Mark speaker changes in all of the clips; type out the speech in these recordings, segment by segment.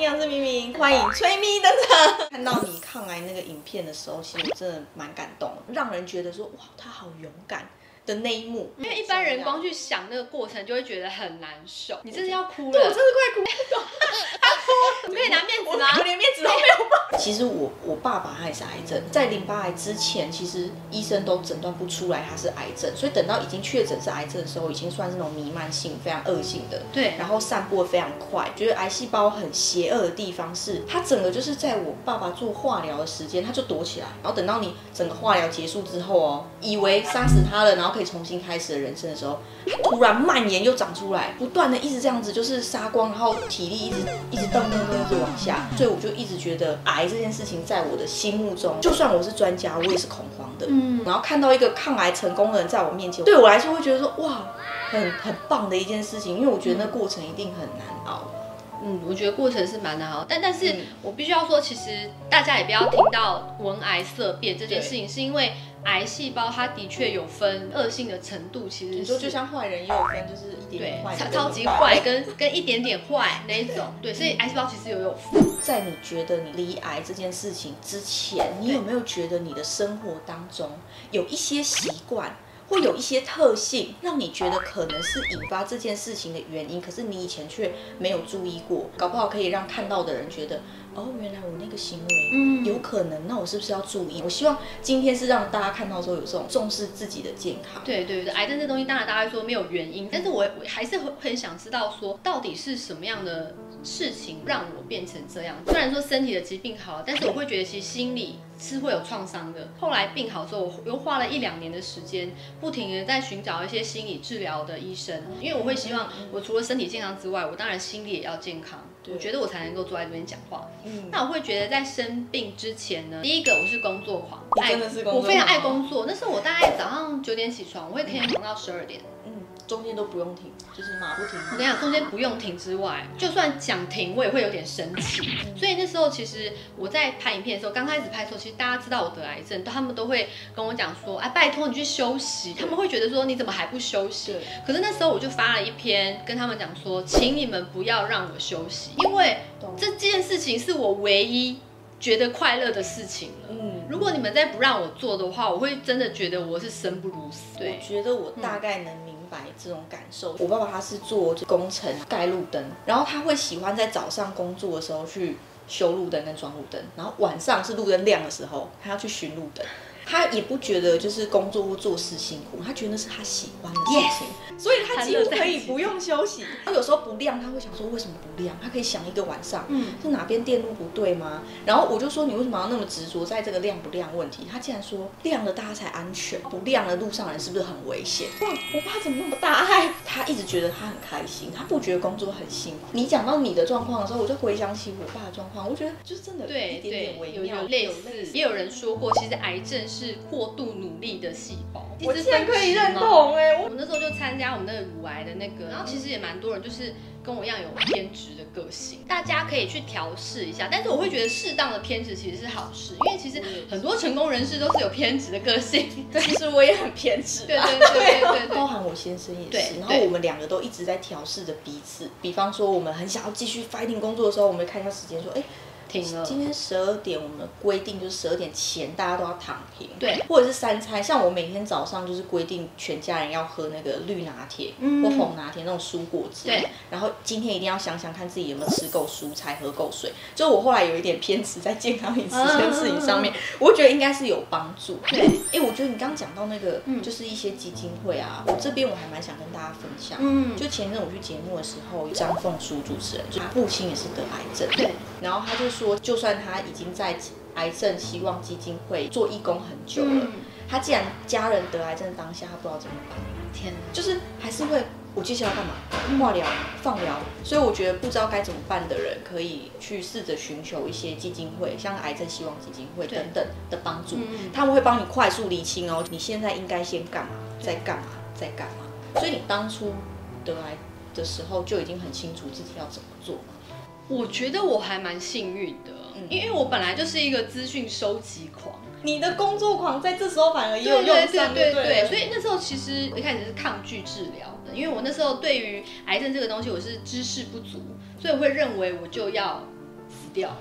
Speaker 1: 楊志明明，歡迎崔咪登場。看到你抗癌那個影片的時候，其實真的蠻感動，讓人覺得說哇，他好勇敢的那一幕。因為一般人光去想那個過程，就會覺得很難受，真你真是要哭了。對，我真是快哭 其實我我爸爸他也是癌症，在淋巴癌之前，其實醫生都診斷不出來他是癌症，所以等到已經確診是癌症的時候，已經算是那種彌漫性非常惡性的。嗯、對，然後散播的非常快。覺得癌細胞很邪惡的地方是，他整個就是在我爸爸做化療的時間，他就躲起來，然後等到你整個化療結束之後哦，以為殺死他了，然後可以重新開始的人生的時候，突然蔓延又長出來，不斷的一直這樣子就是殺光，然後體力一直一直咚咚咚一直往下，所以我就一直覺得癌是。這件事情在我的心目中，就算我是專家，我也是恐慌的。嗯，然後看到一個抗癌成功的人在我面前，對我來說會覺得說，哇，很很棒的一件事情，因為我覺得那過程一定很難熬。嗯，我覺得過程是蠻難熬，但但是，我必須要說，嗯、其實大家也不要聽到聞癌色變這件事情，對是因為癌細胞它的確有分、嗯、惡性的程度，其實是你說就像壞人也有分，就是一點點壞，超超級壞跟 跟、跟一點點壞那一種，嗯、對，所以癌細胞其實有有分。在你覺得你離癌這件事情之前，對你有沒有覺得你的生活當中有一些習慣？會有一些特性，讓你覺得可能是引發這件事情的原因，可是你以前卻沒有注意過，搞不好可以讓看到的人覺得，哦，原來我那個行為，嗯，有可能，那我是不是要注意？嗯，我希望今天是讓大家看到的時候，有這種重視自己的健康。對對對，癌症這東西，當然大家說沒有原因，但是我，我還是很想知道說到底是什麼樣的。事情讓我變成這樣，雖然說身體的疾病好了，但是我會覺得其實心理是會有創傷的。後來病好之後，我又花了一兩年的時間，不停的在尋找一些心理治療的醫生，因為我會希望我除了身體健康之外，我當然心理也要健康，對我覺得我才能夠坐在這邊講話。嗯對，那我會覺得在生病之前呢，第一個我是工作狂，愛，真的是工作狂，我非常愛工作，那時候我大概早上九點起床，我也可以忙到十二點。中間都不用停，就是馬不停。我跟你講中間不用停之外，就算想停，我也會有點生氣。嗯、所以那時候其實我在拍影片的時候，剛開始拍的時候，其實大家知道我得癌症，他們都會跟我講說：“哎、啊，拜托你去休息。對”他們會覺得說：“你怎麼還不休息？”對可是那時候我就發了一篇跟他們講說：“請你們不要讓我休息，因為這件事情是我唯一覺得快樂的事情了。嗯”嗯。如果你們再不讓我做的話，我會真的覺得我是生不如死。對，我覺得我大概能、嗯。這種感受，我爸爸他是做工程蓋路燈，然後他會喜歡在早上工作的時候去修路燈跟裝路燈，然後晚上是路燈亮的時候，他要去巡路燈。他也不覺得就是工作或做事辛苦，他覺得那是他喜歡的事情，yeah, 所以他幾乎可以不用休息。他有時候不亮，他會想說為什麼不亮？他可以想一個晚上，嗯，是哪邊電路不對嗎？然後我就說你為什麼要那麼執着在這個亮不亮問題？他竟然說亮了大家才安全，不亮了路上人是不是很危險？哇，我爸怎麼那麼大愛？他一直覺得他很開心，他不覺得工作很辛苦。你講到你的狀況的時候，我就回想起我爸的狀況，我覺得就是真的一點點微妙，對，對。有點類似。也有，有人說過，其實癌症是。是過度努力的細胞，我之前可以認同哎、欸。我那時候就參加我們那個乳癌的那個，然後其實也蠻多人就是跟我一樣有偏執的個性，大家可以去調試一下。但是我會覺得適當的偏執其實是好事，因為其實很多成功人士都是有偏執的個性。對其實我也很偏執、啊，對對對對對，包含我先生也是。對然後我們兩個都一直在調試着彼此，比方說我們很想要繼續 fighting 工作的時候，我們看一下時間說，哎、欸。停了。今天十二點，我們的規定就是十二點前大家都要躺平，對，或者是三餐，像我每天早上就是規定全家人要喝那個綠拿鐵或紅拿鐵那種蔬果汁，嗯、對，然後今天一定要想想看自己有沒有吃夠蔬菜、喝夠水。就我後來有一點偏執在健康飲食這件事情上面，我覺得應該是有幫助。嗯、對，哎，我覺得你剛講到那個，就是一些基金會啊，我這邊我還蠻想跟大家分享。嗯，就前陣我去節目的時候，張鳳書主持人，他父親也是得癌症，對。然後他就說，就算他已經在癌症希望基金會做義工很久了，嗯、他既然家人得癌症，當下他不知道怎麼辦。天哪，就是還是會，我接下來要幹嘛？化療、放療。所以我覺得，不知道該怎麼辦的人，可以去試着尋求一些基金會，像癌症希望基金會等等的幫助。對他們會幫你快速理清哦，你現在應該先幹嘛？再幹嘛？再幹嘛？對所以你當初得癌的時候，就已經很清楚自己要怎麼做？我覺得我還蠻幸運的，因為我本來就是一個資訊收集狂。你的工作狂在這時候反而有用上對對，對對對，對了。所以那時候其實一開始是抗拒治療的，因為我那時候對於癌症這個東西我是知識不足，所以我會認為我就要死掉了。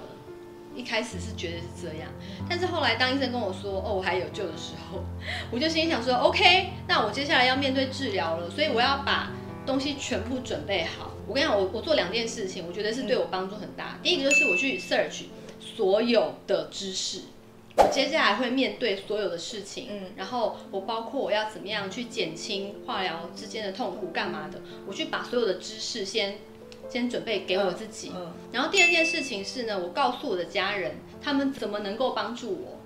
Speaker 1: 一開始是覺得是這樣，但是後來當醫生跟我說“哦，我還有救”的時候，我就心裡想說 “OK，那我接下來要面對治療了，所以我要把東西全部準備好。”我跟你講，我我做兩件事情，我覺得是對我幫助很大。嗯。第一個就是我去 search 所有的知識，我接下來會面對所有的事情，嗯，然後我包括我要怎麼樣去減輕化療之間的痛苦，幹嘛的，我去把所有的知識先先準備給我自己。嗯，嗯。然後第二件事情是呢，我告訴我的家人，他們怎麼能夠幫助我，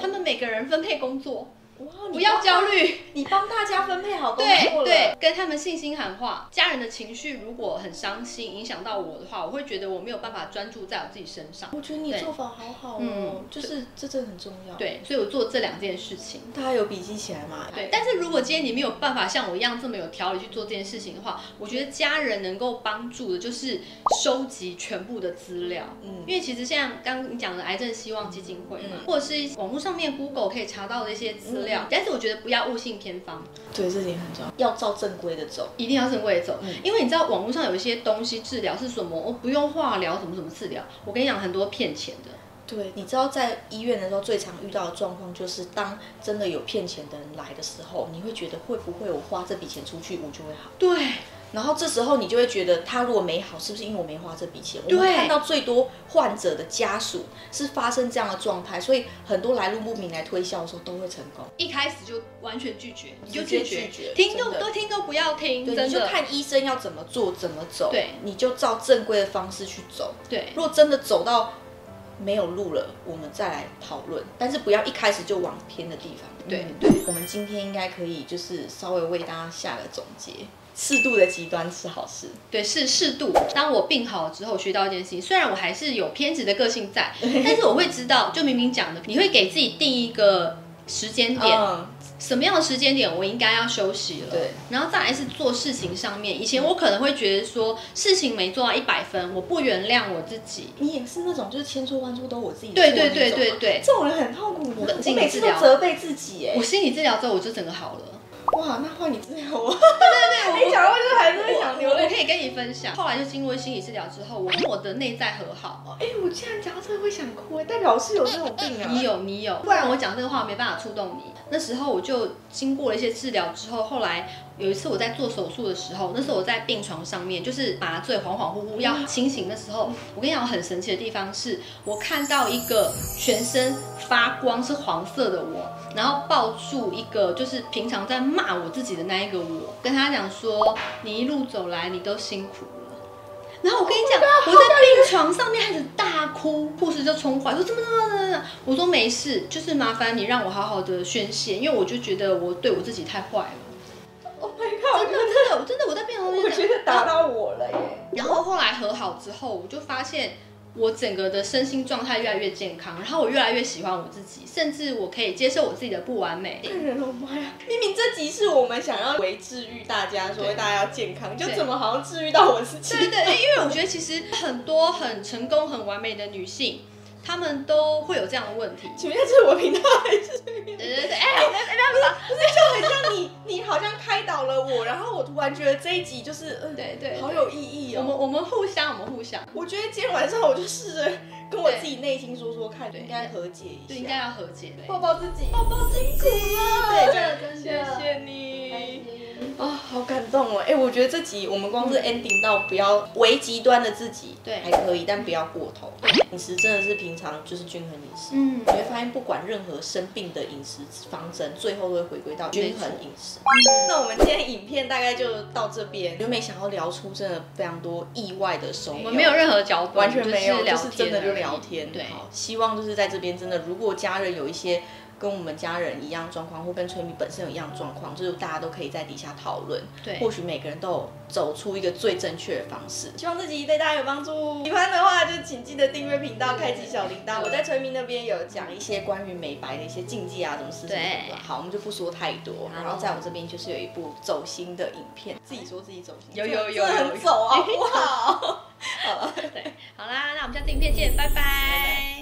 Speaker 1: 他們每個人分配工作。Wow, 不要焦慮你，你幫大家分配好工作了。對。對，跟他們信心喊話。家人的情緒如果很傷心，影響到我的話，我會覺得我沒有辦法專注在我自己身上。我覺得你做法好好哦，對就是這這很重要。對，所以我做這兩件事情。大家有筆記起來嘛？對。但是如果今天你沒有辦法像我一樣這麼有條理去做這件事情的話，我覺得家人能夠幫助的就是收集全部的資料。嗯。因為其實像剛你講的癌症希望基金會嘛，嗯、或者是網絡上面 Google 可以查到的一些資料。嗯但是我覺得不要誤信偏方，嗯、對，這點、個、很重要，要照正規的走，一定要正規的走，嗯、因為你知道網絡上有一些東西治療是什麼，我不用化療什麼什麼治療，我跟你講很多騙錢的。對，你知道在醫院的時候最常遇到的狀況就是，當真的有騙錢的人來的時候，你會覺得會不會我花這筆錢出去，我就會好？對。然後這時候你就會覺得，他如果沒好，是不是因為我沒花這筆錢？對我們看到最多患者的家屬是發生這樣的狀態，所以很多來路不明來推銷的時候都會成功。一開始就完全拒絕，你就拒絕，直接拒絕聽都的都，都聽都不要聽，對的你就看醫生要怎麼做，怎麼走，對，你就照正規的方式去走，對。如果真的走到沒有路了，我們再來討論，但是不要一開始就往偏的地方。對，對，我們今天應該可以就是稍微為大家下個總結。適度的極端是好事，對，是適度。當我病好了之後，學到一件事情，雖然我還是有偏執的個性在，但是我會知道，就明明講的， 你會給自己定一個時間點，嗯、什麼樣的時間點我應該要休息了。對，然後再來是做事情上面，以前我可能會覺得說，事情沒做到一百分，我不原諒我自己。你也是那種就是千錯萬錯都我自己對，對對對對對，這種人很痛苦，啊，我每次都責備自己哎。我心理治療之後，我就整個好了。哇，那換你這樣我？對對對，你講話就還是會想流淚。我可以跟你分享，後來就經過心理治療之後，我跟我的內在和好。哎、哦，欸，我竟然講到這個會想哭，哎，代表是有這種病啊！嗯嗯、你有，你有，不然我講這個話我沒辦法觸動你。那時候我就經過了一些治療之後，後來。有一次我在做手術的時候，那時候我在病床上面，就是麻醉恍恍惚惚要清醒的時候，我跟你講很神奇的地方是，我看到一個全身發光是黃色的我，然後抱住一個就是平常在罵我自己的那一個我，跟他講說你一路走來你都辛苦了，然後我跟你講、Oh my God 我在病床上面開始大哭，護士、Oh my God 哭就衝過來我說怎麼怎麼怎麼怎麼，我說沒事，就是麻煩你讓我好好的宣泄，因為我就覺得我對我自己太壞了。打到我了耶！然後後來和好之後，我就發現我整個的身心狀態越來越健康，然後我越來越喜歡我自己，甚至我可以接受我自己的不完美。媽呀！ 明明這集是我們想要為治癒大家，對所以大家要健康，就怎麼好像治癒到我自己？對，對對，因為我覺得其實很多很成功、很完美的女性。他們都會有這樣的問題，請問一下，這是我頻道還是對面？哎，不是不是，就很像你，你好像開導了我，然後我突然覺得這一集就是，嗯，對對，好有意義哦。我們我們互相，我們互相。我覺得今天晚上我就試着跟我自己內心說說看，應該和解一下，就應該要和解，抱抱自己，抱抱自己，對對。感動哦，哎、欸，我覺得這集我們光是 ending 到不要為極端的自己，對，還可以，對但不要過頭。飲、嗯、食真的是平常就是均衡飲食，你會、嗯、發現不管任何生病的飲食方針，最後都會回歸到均衡飲食。那我們今天影片大概就到這邊，就沒想到聊出真的非常多意外的收穫。我們沒有任何角度，完全沒有，就是，聊天就是真的就聊天。對好，希望就是在這邊真的，如果家人有一些。跟我們家人一樣狀況，或跟崔咪本身有一樣狀況，就是大家都可以在底下討論。對，或許每個人都有走出一個最正確的方式。希望自己對大家有幫助。喜歡的話就請記得訂閱頻道，開啟小鈴鐺。我在崔咪那邊有講一些關於美白的一些禁忌啊，什麼事情對。好，我們就不說太多。啊、然後在我這邊就是有一部走心的影片，啊、自己說自己走心，有有有，有，有很走啊，好不好？ 好啦，對，好啦，那我們下次影片見，拜拜。拜拜。